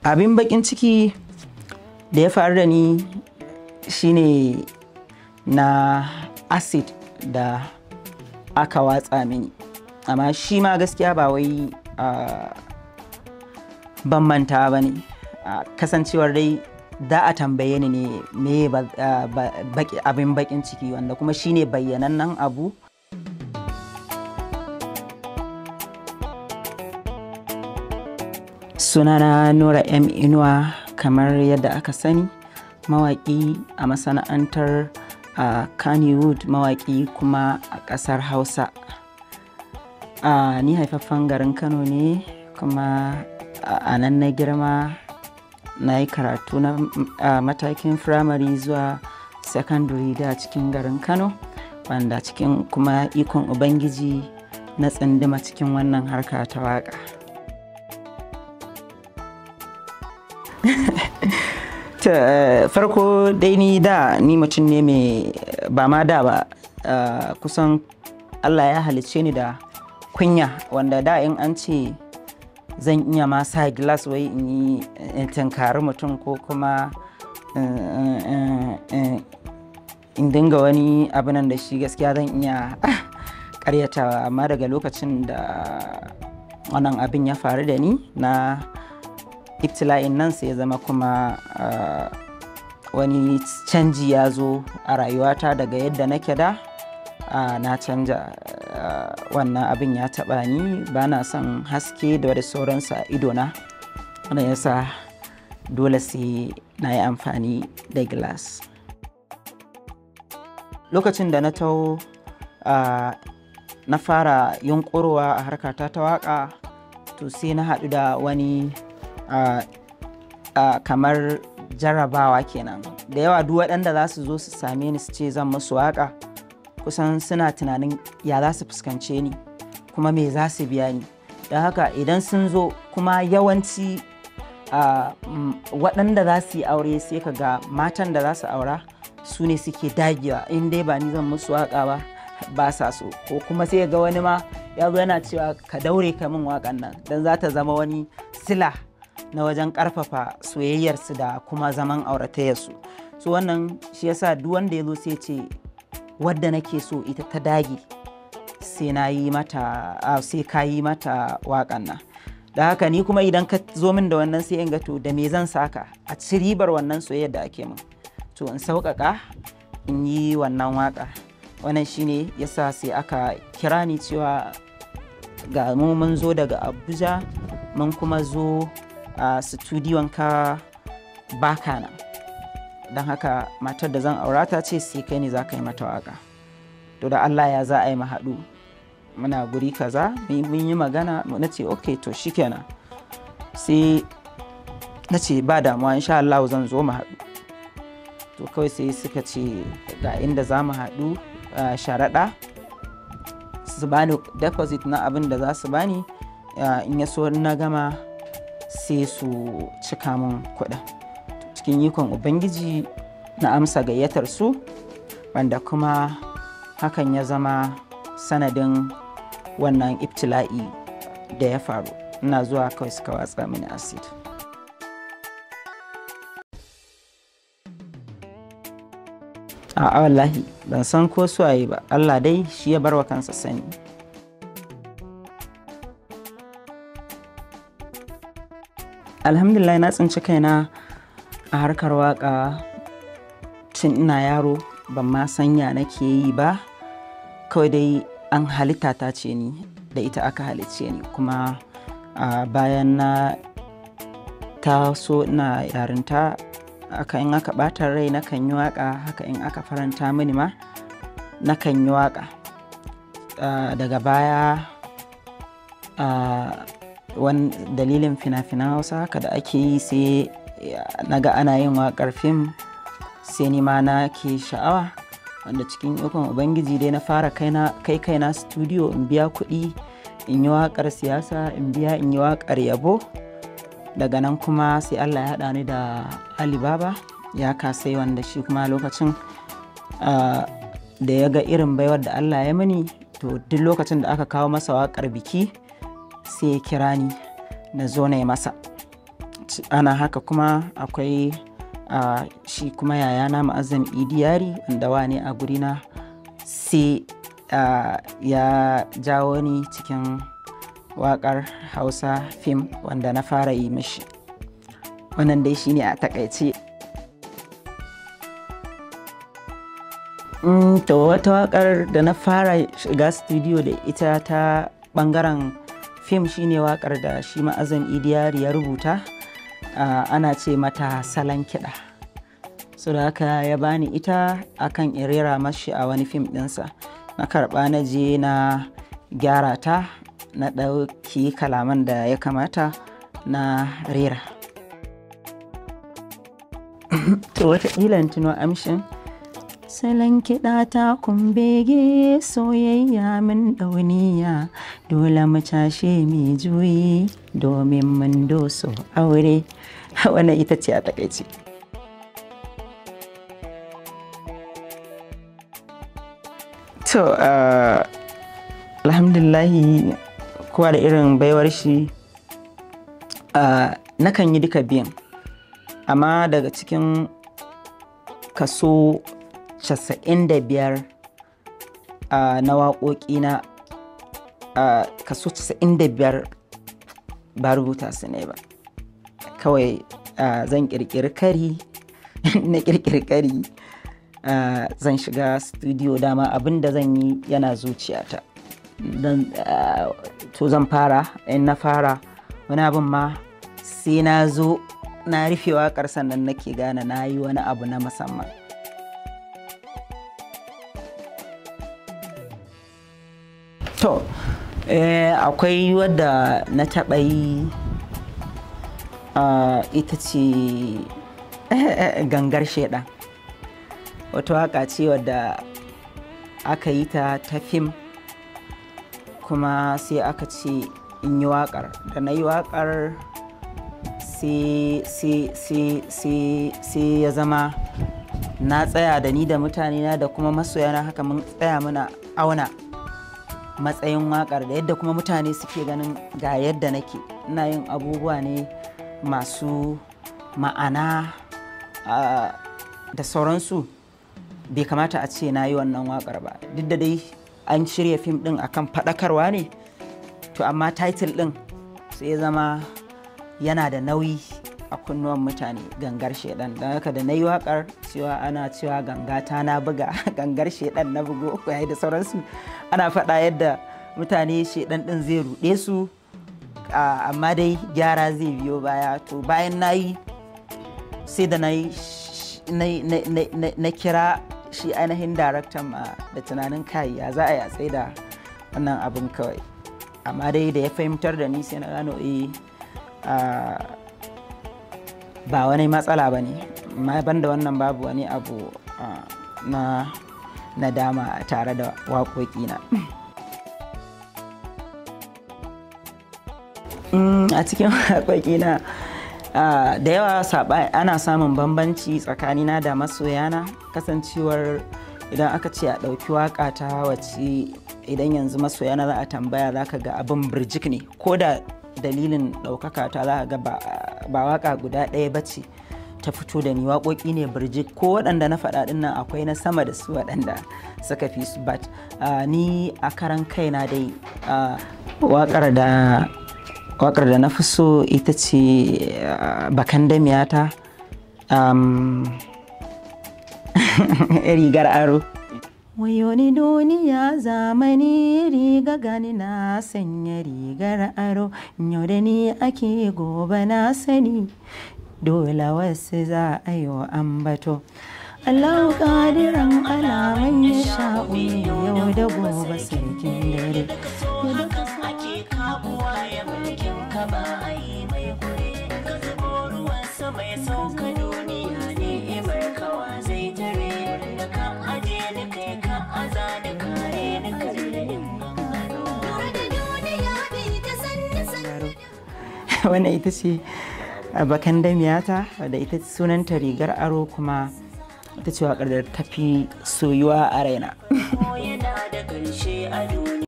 abin bakin ciki da ya faru da ni shine na acid da aka watsa mini amma shi ma gaskiya ba wai ban manta ba ne kasancewar dai da a tambaye ni ne me abin bakin ciki wanda kuma shine bayyanannen abu sunana nora m inuwa kamar yadda aka sani mawaƙi a masana'antar a kannywood mawaƙi kuma a ƙasar hausa a ni haifaffen garin kano ne kuma a nan na girma na yi karatu na matakin firamare zuwa secondary da cikin garin kano wanda cikin kuma ikon ubangiji na tsindima cikin wannan harka ta waƙa. Eh, farko dai ni da ni mutum ne mai eh, ba ma da ba eh, kusan allah ya halicce ni da kunya wanda da in an ce zan iya ma sa gilas wai in yi tankari mutum ko kuma in dinga wani nan da shi gaskiya zan iya karyatawa amma daga lokacin da wannan abin ya faru da ni na ibtila'in nan sai ya zama kuma wani canji ya zo a rayuwata daga yadda nake da na canja wannan abin ya taɓa ni ba na son haske da da sauransu a idona wanda ya sa dole sai na yi amfani da glass lokacin da na tau na fara yunkurwa a harkata ta waka to sai na haɗu da wani kamar jarabawa kenan da yawa duk waɗanda za su zo su same ni su ce zan masu waƙa kusan suna tunanin ya za su fuskance ni kuma me za su biya ni don haka idan sun zo kuma yawanci mm, waɗanda za su yi aure sai ka ga matan da za su aura su ne suke dagewa in dai ba ni zan musu waƙa ba ba sa so ko kuma sai ga wani ma ya zo yana cewa ka daure ka min waƙan nan don za ta zama wani sila na wajen karfafa soyayyarsu da kuma zaman auratayarsu so wannan shi yasa duk wanda ya zo sai ce wadda nake so ita ta dage sai na yi mata ka yi mata waƙan nan da haka ni kuma idan ka zo min da wannan sai in ga to da me zan saka a ci ribar wannan soyayyar da ake min to in sauƙaƙa in yi wannan waƙa wannan shine yasa sai aka kira ni cewa ga mu mun zo daga abuja mun kuma zo a studion ka baka nan don haka matar da zan aura ta ce sai kai ne za ka yi mata waka to da Allah ya za a yi haɗu muna guri kaza mun yi magana na ce ok to shikenan sai na ce ba damuwa insha Allah zan zo mu to kawai sai suka ce ga inda za mu haɗu sharaɗa su bani deposit na abin da za su bani in ya so na gama sai su cika min kuɗin cikin ikon ubangiji na amsa gayyatar su wanda kuma hakan ya zama sanadin wannan iftilai da ya faru ina zuwa kawai suka watsa mini acid a wallahi ban san ko suwaye ba allah dai shi ya barwa kansa sani alhamdulillah na tsinci kaina a harkar waka tun ina yaro ban ma sanya nake yi ba kawai dai an halitta ta ce ni da ita aka halicce ni kuma a bayan na taso na yarinta aka in aka batar rai na kan yi waka haka in aka faranta mini ma na kan yi waka daga baya wani dalilin fina-finan hausa haka da ake yi sai naga ana yin waƙar fim sai ni ma na ke sha'awa wanda cikin ikon ubangiji dai na fara kai kaina studio in biya kuɗi in yi waƙar siyasa in biya in yi waƙar yabo daga nan kuma sai allah ya haɗa ni da alibaba ya kasai wanda shi kuma lokacin da ya ga irin baiwar da allah ya mani to duk lokacin da aka kawo masa waƙar biki sai ya kira ni na zo na yi masa ana haka kuma akwai uh, shi kuma yaya yayana ma'azam idiyari wanda wa ne a gurina sai ya jawo ni cikin wakar hausa fim wanda na fara yi mishi wannan dai shine a takaice mm, to wata wakar da na fara shiga studio da ita ta bangaren. fim shine wakar da shi ma'azin idiyari ya rubuta ana ce mata salon kiɗa so da haka ya bani ita akan irera mashi a wani fim ɗinsa na karɓa na je na gyara ta na ɗauki kalaman da ya kamata na rera to wata tuno amshin salon kiɗa ta kumbege soyayya min ɗauniya dole mu cashe mai juyi domin mun doso aure wannan ita ce a takaice to ah, alhamdulillahi kowa da irin baiwar shi ah, nakan yi duka biyan amma daga cikin kaso 95 uh, na waƙoƙi na uh, kaso 95 ba rubuta su ne ba kawai uh, zan ƙirƙiri kari na ƙirƙiri kari zan shiga studio dama abin da zan yi yana zuciyata to zan fara in na fara wani abin ma sai na zo na rufe waƙar sannan nake gane na yi wani abu na musamman to eh, akwai wadda na taɓa yi ah, ita ce gangar shaidan wata waka ce wadda aka yi ta ta fim kuma sai aka ce in yi wakar da na yi wakar sai ya zama na tsaya da ni da mutanena da kuma masoyana haka mun tsaya muna auna matsayin wakar da yadda kuma mutane suke ganin ga yadda nake ina yin abubuwa ne masu ma'ana da sauransu bai kamata a ce na yi wannan wakar ba duk da dai an shirya fim din akan faɗakarwa ne to amma title din sai ya zama yana da nauyi a kunnuwan mutane gangar shedan don haka da na yi wakar cewa ana cewa ganga ta na buga gangar shedan na bugo kwaye da sauransu ana faɗa yadda mutane shedan ɗin zai ruɗe su amma dai gyara zai biyo baya to bayan na yi sai da na kira shi ainihin daraktan ma. da tunanin kai ya za a yi tsaye da wannan abin kawai amma dai da ya fahimtar da ni sai na gano eh ba wani matsala ba ne ban da wannan babu wani abu na nadama tare da waƙoƙina mm, a cikin waƙoƙina da yawa ana samun bambanci tsakanina da masoyana kasancewar idan aka ce a ɗauki waƙa ta wace idan yanzu masoyana za a tambaya za ka ga abin birjik ne ko da dalilin ɗaukaka ta za ka ga ba ba waka guda ɗaya ba ce ta fito da ni waƙoƙi ne birjik ko waɗanda na faɗa ɗin nan akwai na sama da su waɗanda suka fi su bat ni a karan kaina dai waƙar da waƙar da na fi so ita ce bakan damiyata rigar aro wayoni duniya zamani riga gani na sanya rigar aro, yau da ni ake gobe na sani, dole wasu za a yi wa ambato. Allah ƙadiran alaman ya sha'u yau da gobe sarkin dare. Yau da ake kabuwa ya mulkin wannan ita ce bakan damiyata da ita sunanta rigar aro kuma ita ce waƙar da tafi soyuwa a raina oh,